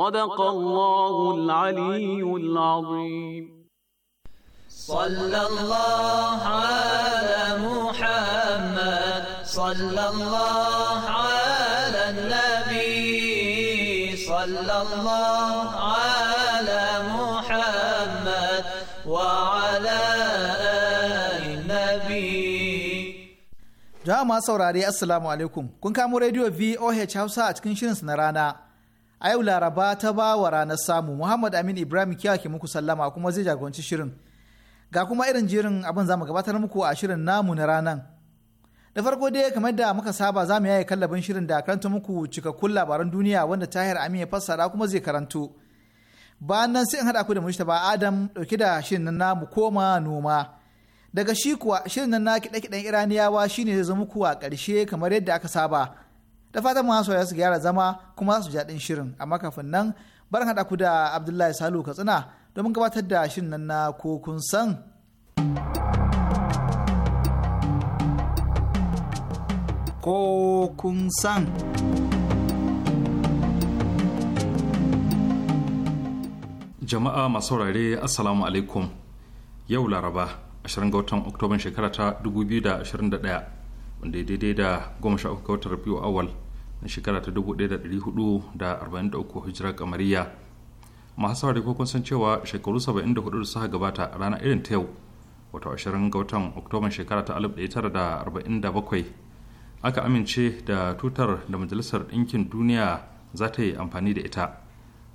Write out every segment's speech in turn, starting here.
صدق الله العلي العظيم صلى الله على محمد صلى الله على النبي صلى الله على محمد وعلى آل النبي جاء ما saurari assalamu alaikum kun kamo rediyo VOH Hausa a cikin shirinsa na rana a yau laraba ta bawa ranar samu muhammad amin ibrahim kiyawa ke muku sallama kuma zai jagoranci shirin ga kuma irin jirin abin za mu gabatar muku a shirin namu na ranan da farko dai kamar da muka saba za mu yaye kallabin shirin da karanta muku cikakkun labaran duniya wanda tahir amin ya fassara kuma zai karanto bayan nan sai in haɗa ku da ba adam ɗauke da shirin nan namu koma noma daga shi kuwa shirin na kiɗe-kiɗen iraniyawa shine zai zama muku a ƙarshe kamar yadda aka saba da fatan masoya su gyara zama kuma su jaɗin daɗin shirin amma kafin nan bar haɗa ku da abdullahi salu katsina domin gabatar da shirin nan na ko kun san ko kun san jama'a masu saurare assalamu alaikum yau laraba 20 ga watan oktoban shekara ta 2021 wanda ya daidai da goma sha uku watan rabiu awal na shekara ta dubu ɗaya da ɗari hudu da arba'in da uku hijirar kamariya masu sauri ko kun san cewa shekaru saba'in da hudu da suka gabata rana irin ta yau wato ashirin ga watan oktoban shekara ta alif ɗaya tara da arba'in da bakwai aka amince da tutar da majalisar ɗinkin duniya za ta yi amfani da ita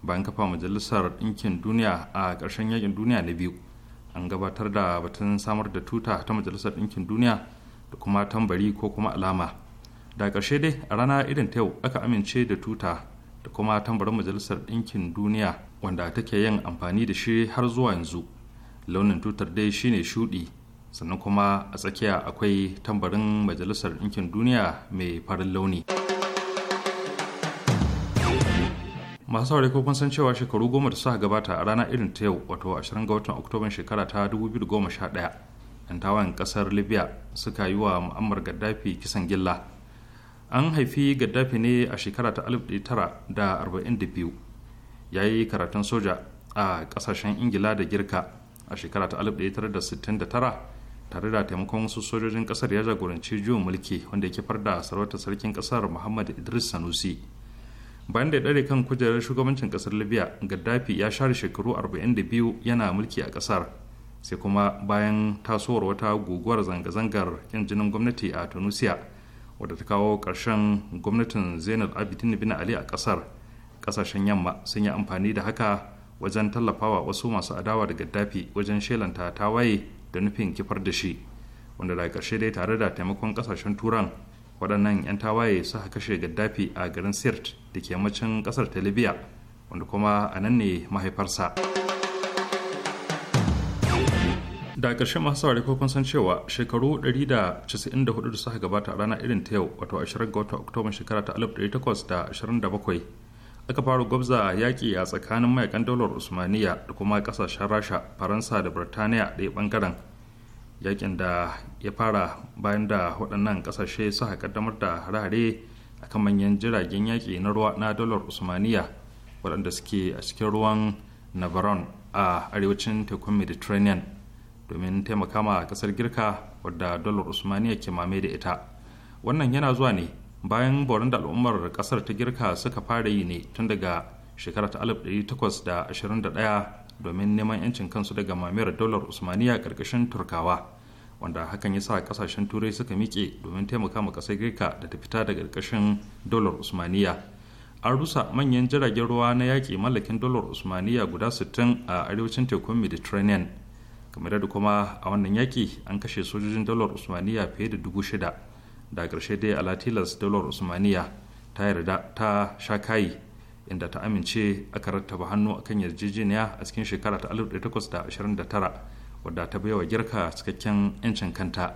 bayan kafa majalisar ɗinkin duniya a ƙarshen yakin duniya na biyu an gabatar da batun samar da tuta ta majalisar ɗinkin duniya da kuma tambari ko kuma alama da karshe dai a rana irin ta yau aka amince da tuta da kuma tambarin majalisar ɗinkin duniya wanda take yin amfani da shi har zuwa yanzu launin tutar dai shine shuɗi sannan kuma a tsakiya akwai tambarin majalisar ɗinkin duniya mai farin launi masu saurari ko san cewa shekaru goma da suka gabata a rana irin ta yau wato 20 ga watan oktoban shekara ta 2011 'yan tawayen kasar libya suka yi wa mu'ammar gaddafi kisan gilla an haifi gaddafi ne a shekara ta 1942 ya yi karatun soja a kasashen ingila da girka a shekara ta 1969 tare da taimakon wasu sojojin kasar ya jagoranci juyin mulki wanda ya kifar da sarauta sarkin kasar muhammad idris sanusi bayan da ya dare kan kujerar shugabancin kasar libya gaddafi ya share shekaru 42 yana mulki a kasar sai kuma bayan tasowar wata guguwar zanga-zangar yan jinin gwamnati a tunisia wadda ta kawo ƙarshen gwamnatin zainal abidin bin ali a ƙasar ƙasashen yamma sun yi amfani da haka wajen tallafawa wasu masu adawa da gaddafi wajen shelanta tawaye da nufin kifar da shi wanda daga ƙarshe dai tare da taimakon ƙasashen turan waɗannan 'yan tawaye suka kashe gaddafi a garin sirt da ke yammacin ƙasar ta libya wanda kuma a nan ne mahaifarsa. da ƙarshen masu saurari ko kun san cewa shekaru 194 da suka gabata a rana irin ta yau wato 20 ga watan oktoba shekara ta 1827 aka fara gwabza yaƙi a tsakanin mayakan daular usmaniya da kuma ƙasashen rasha faransa da birtaniya ɗaya ɓangaren yaƙin da ya fara bayan da waɗannan ƙasashe suka kaddamar da a akan manyan jiragen yaƙi na ruwa na daular usmaniya waɗanda suke a cikin ruwan navarone a arewacin tekun mediterranean domin taimaka ma kasar girka wadda dollar usmaniya ke mame da ita wannan yana zuwa ne bayan borin da al'ummar kasar ta girka suka fara yi ne tun daga shekara ta 1821 domin neman 'yancin kansu daga mamayar dalar usmaniya karkashin turkawa wanda hakan ya sa kasashen turai suka miƙe domin taimaka ma kasar girka da ta fita daga karkashin dalar usmaniya an rusa manyan jiragen ruwa na yaƙi mallakin dolar usmaniya guda 60 a arewacin tekun mediterranean kamar yadda kuma a wannan yaki an kashe sojojin daular usmaniya fiye da dubu shida da ƙarshe dai alatilas daular usmaniya ta yarda ta sha kayi inda ta amince aka rattaba hannu akan yarjejeniya a cikin shekara ta 1829 wadda ta baiwa girka cikakken 'yancin kanta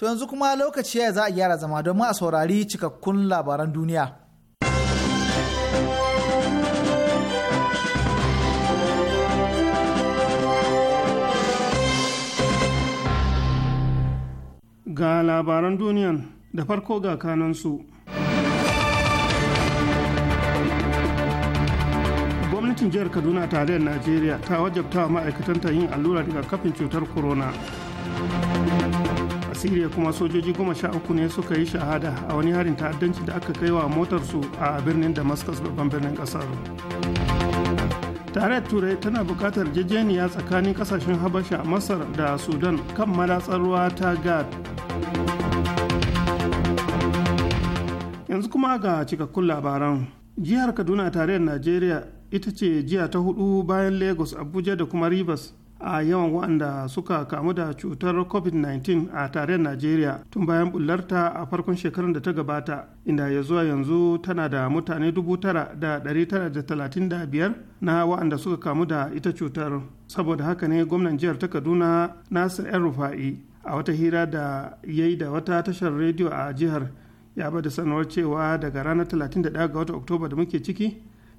To yanzu kuma lokaci ya za a gyara zama domin a saurari cikakkun labaran duniya. Ga labaran duniyan da farko ga kanansu. Gwamnatin jihar Kaduna tarayyar Najeriya ta wajabta wa ma'aikatanta yin allura daga kafin cutar corona. siriya kuma sojoji goma sha uku ne suka yi shahada a wani harin ta'addanci da aka kai wa motarsu a birnin damascus babban birnin kasar tarayyar turai tana buƙatar jejeniya tsakanin kasashen habasha masar da sudan kan madatsar ruwa ta gad yanzu kuma ga cikakkun labaran jihar kaduna tarayyar najeriya ita ce jiya ta hudu bayan lagos abuja da kuma rivers a yawan waɗanda suka kamu da cutar covid-19 a tarayyar najeriya tun bayan bullarta a farkon shekarun da ta gabata inda ya zuwa yanzu tana da mutane 9,935 na waɗanda suka kamu da ita cutar saboda haka ne gwamnan jihar ta kaduna nasir yan rufa'i a wata hira da ya da wata tashar rediyo a jihar ya bada sanuwar cewa daga ranar 31 ga wata oktoba da muke ciki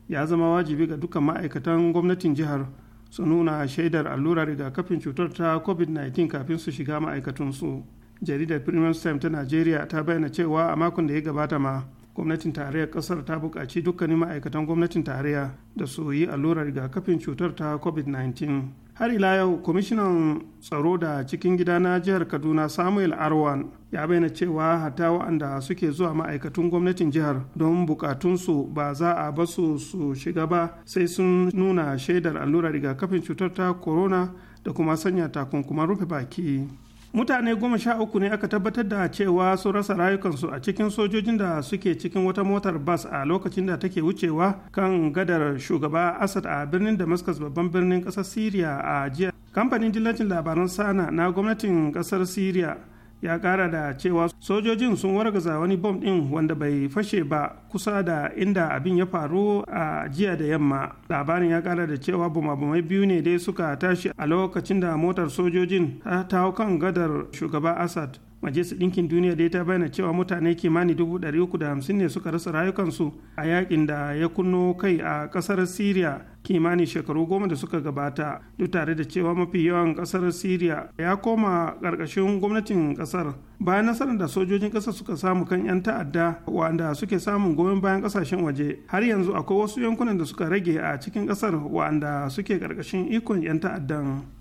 ya zama wajibi ga dukkan ma'aikatan gwamnatin jihar su nuna shaidar allurar rigakafin cutar ta covid-19 kafin su shiga ma'aikatunsu jaridar premium time ta nigeria ta bayyana cewa a makon da ya gabata ma gwamnatin tarayyar kasar ta buƙaci dukkanin ma'aikatan gwamnatin tarayya da su yi allurar rigakafin cutar ta covid-19 har ila yau kwamishinan tsaro da cikin gida na jihar kaduna samuel arwan ya bayyana cewa hata waɗanda suke zuwa ma'aikatun gwamnatin jihar don bukatunsu ba za a basu su shiga ba sai sun nuna shaidar allurar rigakafin cutar ta corona da kuma sanya takunkuman rufe baki. mutane goma sha uku ne aka tabbatar da cewa sun rasa rayukansu a cikin sojojin da suke cikin wata motar bas a lokacin da take wucewa kan gadar shugaba asad a birnin damascus babban birnin kasar syria a jiya kamfanin dillacin labaran sana na gwamnatin kasar syria ya kara da cewa sojojin sun wargaza wani bom din wanda bai fashe ba kusa da inda abin ya faru a jiya da yamma labarin ya kara da cewa bumabumai biyu ne dai suka tashi a lokacin da motar sojojin ta hau kan gadar shugaba assad majalisar ɗinkin duniya dai ta bayyana cewa mutane kimanin dubu ɗari uku da hamsin ne suka rasa rayukansu a yakin da ya kunno kai a ƙasar syria kimanin shekaru goma da suka gabata duk tare da cewa mafi yawan ƙasar syria ya koma ƙarƙashin gwamnatin ƙasar bayan nasarar da sojojin ƙasar suka samu kan 'yan ta'adda wanda suke samun goyon bayan ƙasashen waje har yanzu akwai wasu yankunan da suka rage a cikin ƙasar wanda suke ƙarƙashin ikon 'yan ta'addan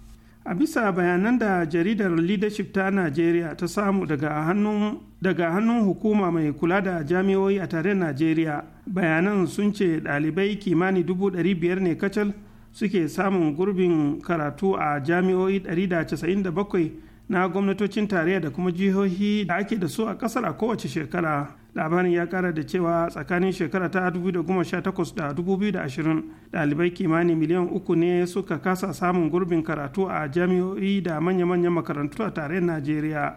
a bisa bayanan da jaridar leadership ta najeriya ta samu daga hannun hukuma mai kula da jami'oi a tare najeriya bayanan sun ce ɗalibai kimani dubu ɗari biyar ne kacal suke samun gurbin karatu a jami'oi 197 na gwamnatocin tarayya da kuma jihohi da ake da su a ƙasar a kowace shekara labarin ya kara da cewa tsakanin shekara ta 2018 da 2020 dalibai kimanin miliyan uku ne suka kasa samun gurbin karatu a jami'o'i da manya-manyan makarantu a tarayyar najeriya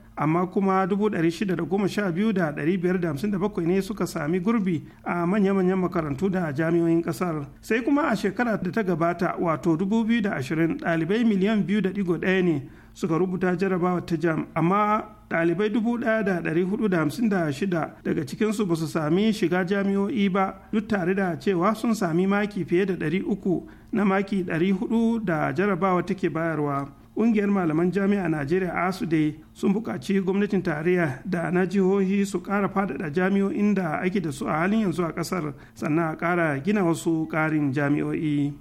amma kuma 612,557 ne suka sami gurbi a manya-manyan makarantu da jami'oyin kasar sai kuma a shekara da ta gabata wato 2020 dalibai miliyan 2.1 ne suka rubuta jarabawa ta jam amma dalibai 1,456 daga cikinsu ba su sami shiga jami'o'i ba duk tare da cewa sun sami maki fiye da 300 na maki 400 da jarabawa take bayarwa ƙungiyar malaman jami'a najeriya asu dai sun buƙaci gwamnatin tarayya da na jihohi su ƙara faɗaɗa jami'o'in da ake da su a halin yanzu a ƙasar sannan a ƙara gina wasu ƙarin jami'o'i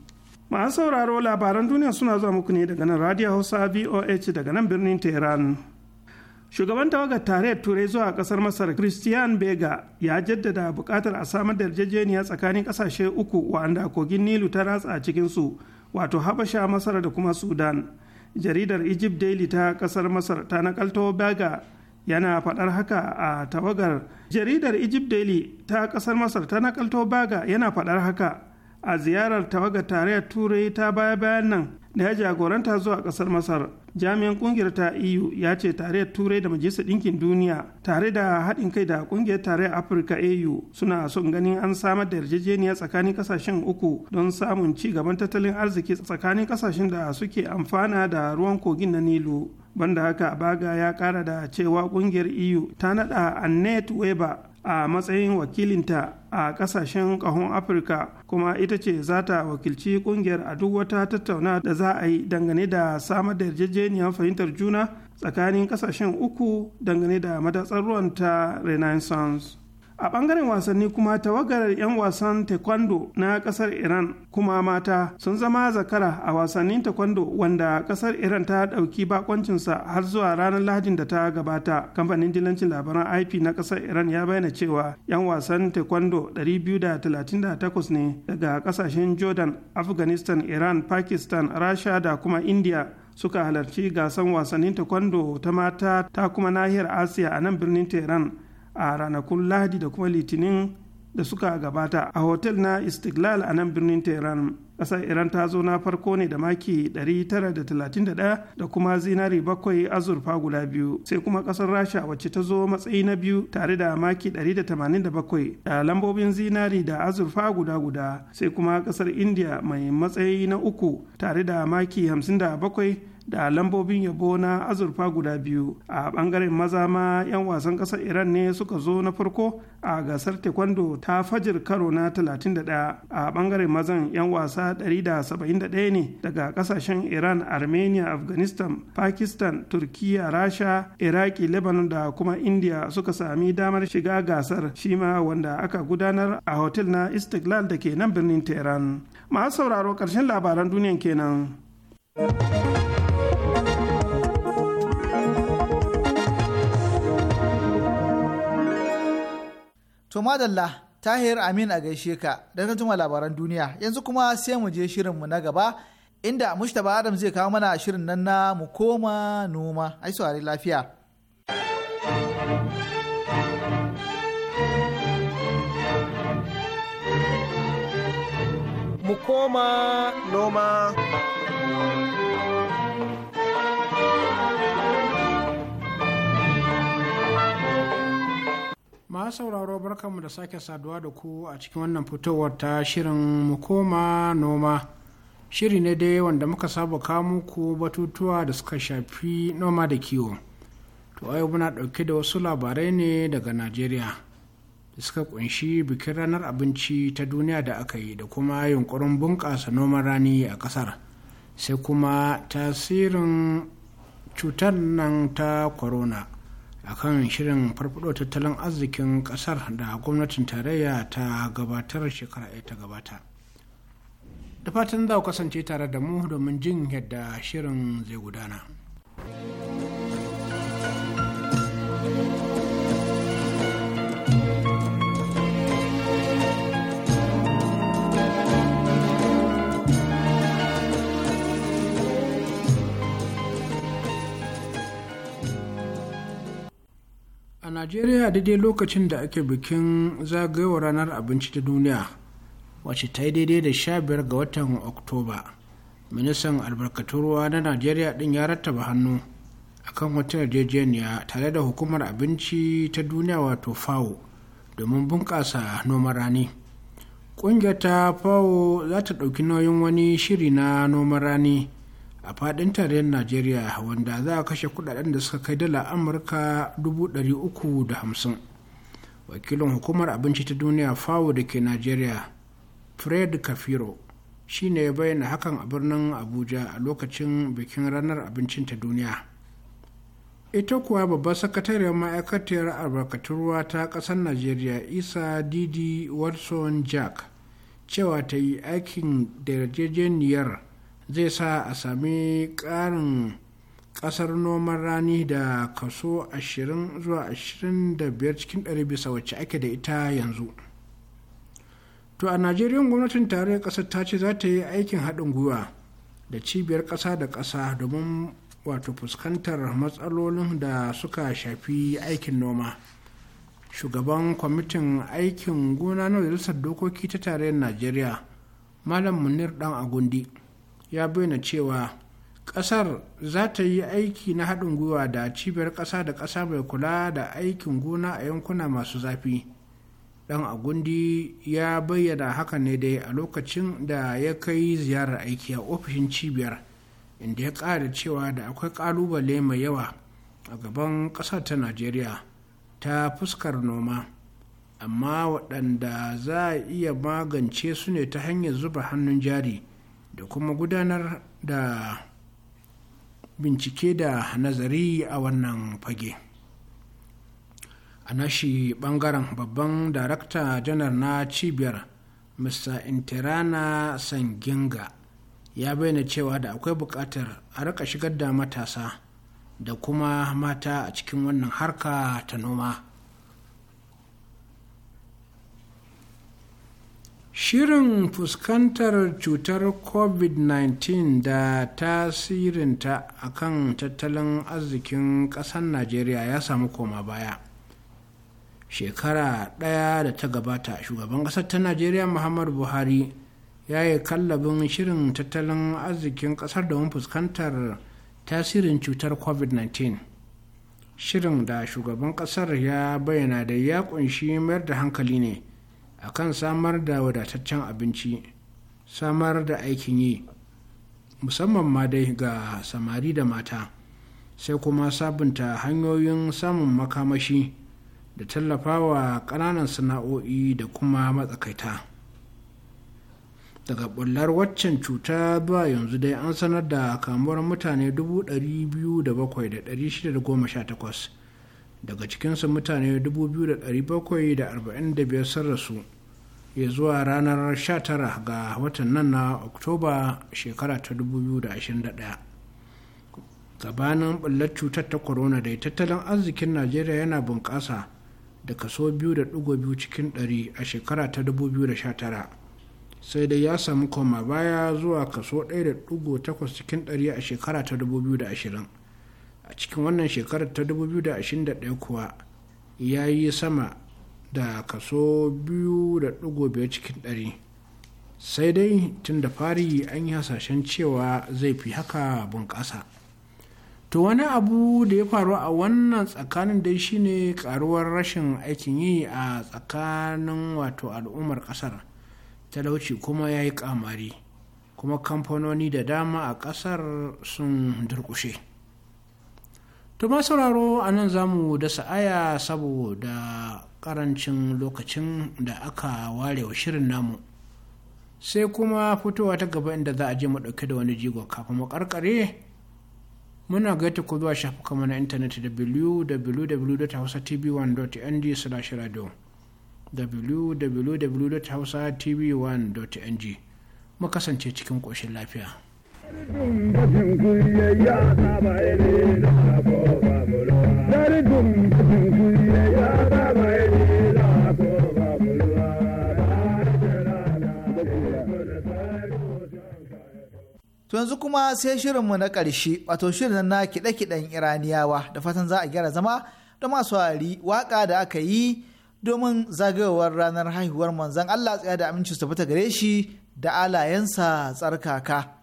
masu sauraro labaran duniya suna zuwa muku ne daga nan radio hausa voh daga nan birnin tehran shugaban tawagar tarayyar turai zuwa kasar masar christian bega ya jaddada bukatar a samar da yarjejeniya tsakanin kasashe uku wa'anda kogin nilu ta ratsa a cikinsu wato habasha masar da kuma sudan jaridar egypt daily ta kasar masar ta nakalto baga yana faɗar haka a tawagar jaridar egypt daily ta kasar masar ta nakalto baga yana faɗar haka a ziyarar tawagar tarayyar turai ta baya bayan nan da ya jagoranta zuwa kasar masar jami'an kungiyar ta eu ya ce tarayyar turai da majalisar ɗinkin duniya tare da haɗin kai da kungiyar tarayyar afirka au suna son ganin an samar da yarjejeniya tsakanin kasashen uku don samun ci gaban tattalin arziki tsakanin kasashen da suke amfana da ruwan kogin na nilu banda haka baga ya kara da cewa kungiyar eu ta naɗa annette weber a matsayin wakilinta a kasashen kahon afirka kuma ita ce za ta wakilci kungiyar a duk wata tattauna da za a yi dangane da samar da yarjejeniyar fahimtar juna tsakanin kasashen uku dangane da matatsar ruwan ta renaissance a bangaren wasanni kuma tawagar 'yan wasan taekwondo na ƙasar iran kuma mata sun zama zakara a wasannin taekwondo wanda ƙasar iran ta ɗauki bakoncinsa har zuwa ranar lahadin da ta gabata kamfanin dilancin labaran ip na ƙasar iran ya bayyana cewa 'yan wasan taekwondo 238 ne daga kasashen jordan afghanistan iran pakistan rasha da kuma india suka halarci gasan wasannin taekwondo ta mata ta kuma nahiyar asiya a nan birnin tehran a ranakun lahadi da kuma litinin da suka gabata a hotel na istiklal a nan birnin tehran ƙasar iran ta zo na farko ne da maki 931 da kuma zinari bakwai azurfa guda biyu sai kuma ƙasar rasha wacce ta zo matsayi na biyu tare da maki 187 da lambobin zinari da azurfa guda guda sai kuma ƙasar india mai matsayi na uku tare da maki 57 da lambobin yabo na azurfa guda biyu a bangaren maza ma 'yan wasan kasar iran ne suka zo na farko a gasar taekwondo ta fajir karo na 31 a bangaren mazan 'yan wasa 171 ne daga kasashen iran armenia afghanistan pakistan turkiya rasha iraki lebanon da kuma india suka sami damar shiga gasar shima wanda aka gudanar a hotel na istiklal da ke nan birnin tehran masu sauraro ƙarshen labaran duniyan kenan. To madalla tahir amin a gaishe ka da ta tuma labaran duniya yanzu kuma sai mu je shirin mu na gaba inda mustapha adam zai kawo mana shirin nan na mu koma noma ai saurari lafiya. Mu koma noma. ma sauraro barkanmu da sake saduwa da ku a cikin wannan fitowar ta shirin mu koma noma shiri ne dai wanda muka saba kamuku ko batutuwa da suka shafi noma da kiwo to yau muna ɗauke da wasu labarai ne daga najeriya da suka kunshi bikin ranar abinci ta duniya da aka yi da kuma yunkurin bunƙasa noman rani a ƙasar sai kuma tasirin cutar nan ta corona akan shirin farfado tattalin arzikin kasar da gwamnatin tarayya ta gabatar shekara ɗaya ta gabata da fatan za ku kasance tare da mu domin jin yadda shirin zai gudana. a najeriya daidai lokacin da ake bikin zagayowar ranar abinci ta duniya wacce ta yi daidai da sha biyar ga watan oktoba ministan albarkatun ruwa na najeriya din ya rattaba hannu akan wata yarjejeniya tare da hukumar abinci ta duniya wato fawo domin bunƙasa noman rani ƙungiyar ta fawo za ta ɗauki nauyin wani shiri na noman rani a fadin tarayyar najeriya wanda za a kashe kudaden da suka kai dala amurka 350 wakilin hukumar abinci ta duniya fawo da ke najeriya fred kafiro shine ya bayyana hakan a birnin abuja a lokacin bikin ranar abincin ta duniya ita kuwa babbar sakatariyar ma'aikatar albarkatun ruwa ta ƙasar najeriya isa didi watson jack cewa ta yi aikin da yarjejeniyar zai sa a sami ƙarin ƙasar noman rani da kaso 20 zuwa 25 cikin 100 bisa wacce ake da ita yanzu to a najeriya gwamnatin tarayyar ƙasar ta ce za ta yi aikin haɗin gwiwa da cibiyar ƙasa da ƙasa domin wato fuskantar matsalolin da suka shafi aikin noma shugaban kwamitin aikin gona na majalisar dokoki ta tarayyar najeriya malam munir dan agundi ya bayyana cewa ƙasar za ta yi aiki na haɗin gwiwa da cibiyar ƙasa da ƙasa mai kula da aikin gona a yankuna masu zafi ɗan agundi ya bayyana haka ne dai a lokacin da ya kai ziyarar aiki a ofishin cibiyar inda ya ƙara cewa da akwai ƙalubale mai yawa a gaban ƙasar ta najeriya ta fuskar noma amma waɗanda za a iya magance su ne ta hanyar zuba hannun jari da kuma gudanar da bincike da nazari a wannan fage a nashi bangaren babban darakta janar na cibiyar mr interana sanginga ya bayyana cewa da akwai bukatar a rika shigar da matasa da kuma mata a cikin wannan harka ta noma Shirin fuskantar cutar COVID-19 da tasirinta a kan tattalin arzikin ƙasar Najeriya ya samu koma baya. Shekara ɗaya da ta gabata, shugaban ƙasar ta Najeriya Muhammadu Buhari ya yi kallabin shirin tattalin arzikin ƙasar domin fuskantar tasirin cutar COVID-19. Shirin da shugaban ƙasar ya bayyana da ya ƙunshi mayar da hankali ne. A kan samar da wadataccen abinci samar da aikin yi musamman ma dai ga samari da mata sai kuma sabunta hanyoyin samun makamashi da tallafawa ƙananan sana'o'i da kuma matsakaita daga bullar waccan cuta zuwa yanzu dai an sanar da kamuwar mutane 207,618 daga cikinsu mutane 2,745 sun rasu ya zuwa ranar 19 ga watan nan na oktoba shekara ta 2021 gabanin ɓullar cutar ta corona da tattalin arzikin najeriya yana bunƙasa da kaso 2.2 cikin 100 a shekara ta 2019 sai dai ya samu koma baya zuwa kaso 1.8 cikin 100 a shekara ta 2020 a cikin wannan shekarar ta 2021 kuwa ya yi sama da kaso 2.5 cikin sai dai tun da fari an yi hasashen cewa zai fi haka bunƙasa to wani abu da ya faru a wannan tsakanin dai shine karuwar rashin aikin yi a tsakanin wato al'ummar kasar talauci kuma ya yi kamari kuma kamfanoni da dama a kasar sun durƙushe. To ma sauraro a nan za mu dasa aya saboda karancin lokacin da aka ware wa shirin namu. Sai kuma fitowa ta gaba inda za a je mu ɗauke da wani jigo kafin mu karkare muna gaita ku zuwa shafukanmu na intanet www.hausatv1.ng slash radio www.hausatv1.ng mu kasance cikin ƙoshin lafiya. yanzu kuma sai shirinmu na ƙarshe wato shirin na kiɗe-kiɗen Iraniyawa da fatan za a gyara zama da masu hari waƙa da aka yi domin zagayowar ranar haihuwar manzon Allah tsaya da aminci su fita gare shi da alayensa tsarkaka.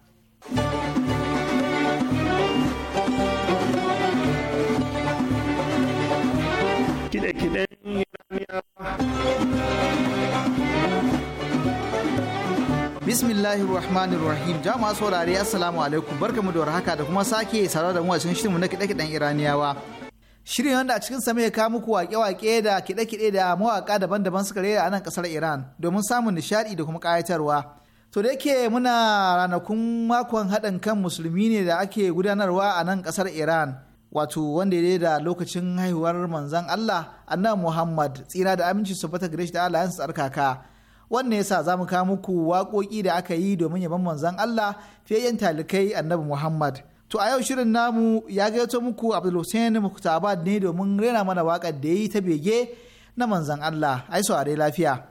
bismillahi rahmani rahim Jama'a saurare Assalamu alaikum. Barkamu da warhaka da kuma sake sarar da mu a cikin na kide kiɗen Iraniyawa. Shirin wanda a cikin sa ya kawo muku wake-wake da kide-kide da mawaka daban-daban suka rera a nan ƙasar Iran domin samun nishaɗi da kuma kayatarwa. To da yake muna ranakun makon haɗin kan musulmi ne da ake gudanarwa a nan ƙasar Iran, wato wanda ya da lokacin haihuwar manzan Allah, annan Muhammad, tsira da aminci su fata gare shi da Allah yansu tsarkaka. ya yasa za mu kawo muku waƙoƙi da aka yi domin yaban manzan Allah fiye yin talikai annabi Muhammad. To a yau shirin namu ya gaito muku Abdul Hussein Muktabad ne domin rena mana waƙar da ya yi ta bege na manzan Allah. Ai saurare lafiya.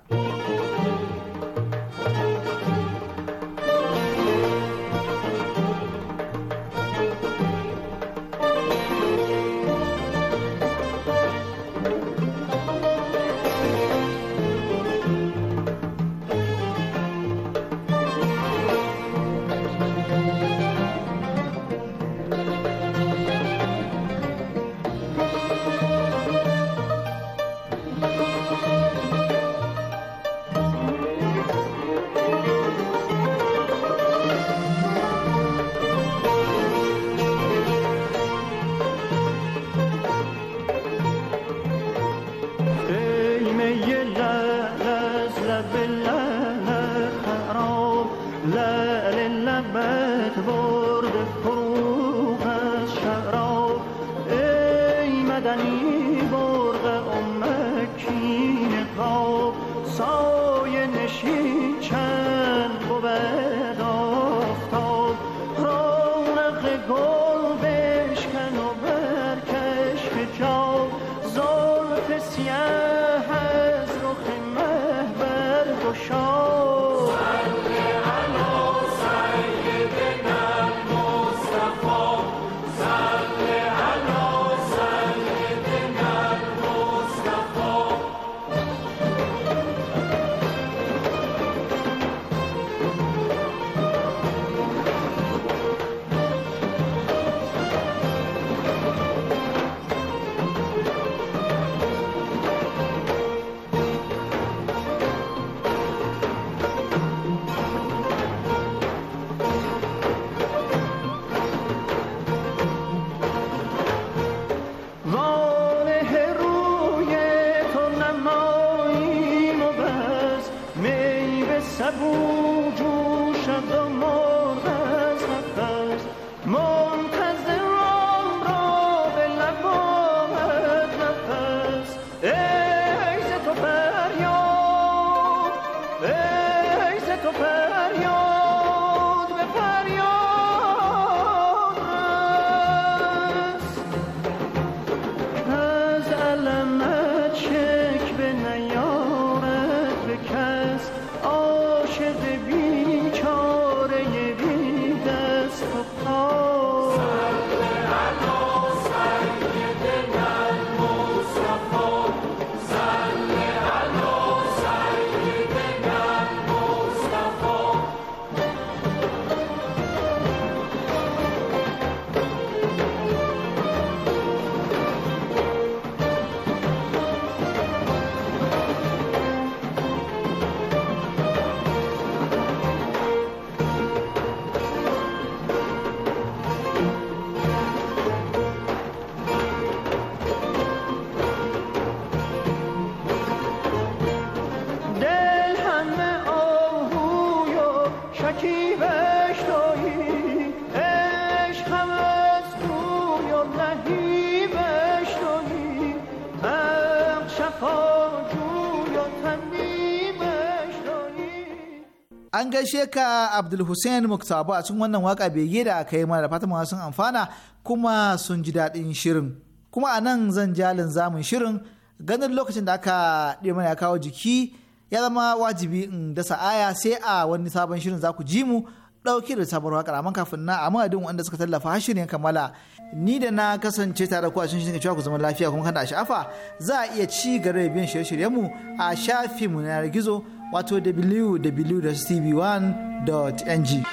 An gaishe ka Abdul Hussein Muktabu a cikin wannan waka bege da aka yi mana da fatan sun amfana kuma sun ji daɗin shirin. Kuma a nan zan jalin zamun shirin ganin lokacin da aka ɗi mana ya kawo jiki ya zama wajibi in dasa aya sai a wani sabon shirin za ku ji mu Ɗauke da sabon waka amma kafin na a madadin wanda suka tallafa har shirin Kamala? ni da na kasance tare ku a cikin shirin cewa ku zama lafiya kuma kada a sha'afa za a iya ci gaba da biyan shirye mu a shafinmu na gizo wato www.tv1.ng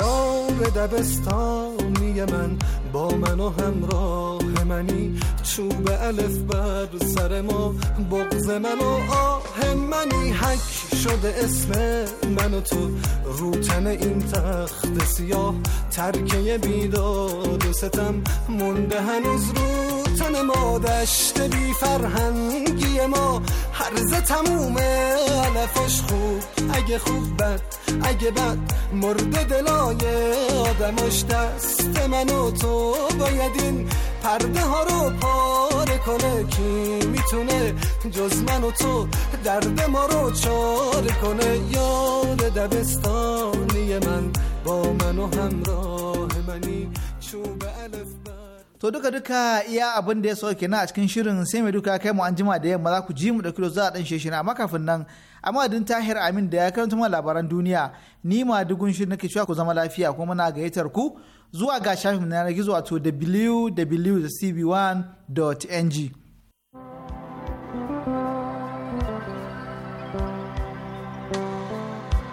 یا دبستانی من با من و همراه منی چوب الف بر سر ما بغز من و آه منی حک شده اسم من و تو روتن این تخت سیاه ترکه بیداد و ستم مونده هنوز رو تن ما دشت بی فرهنگی ما هرزه تموم علفش خوب اگه خوب بد اگه بد مرد دلای آدمش دست من و تو باید این پرده ها رو پاره کنه کی میتونه جز من و تو درد ما رو چاره کنه یاد دبستانی من با من و همراه منی چوب الف to duka duka iya abin da ya so kenan a cikin shirin sai mai duka kai mu an jima da yamma za ku ji mu da kilo za a dan sheshe amma kafin nan amma din tahir amin da ya karanta mana labaran duniya ni ma dugun shirin nake cewa ku zama lafiya kuma muna gayyatar ku zuwa ga shafin na gizo wato www.cb1.ng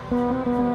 thank you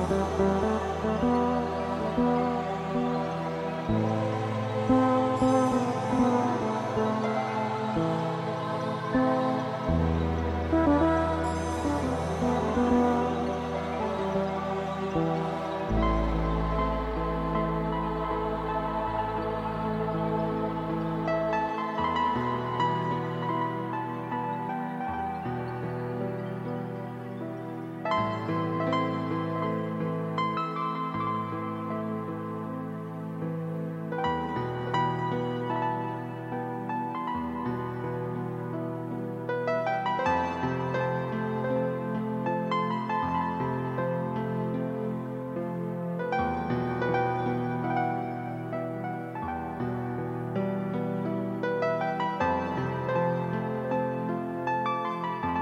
Música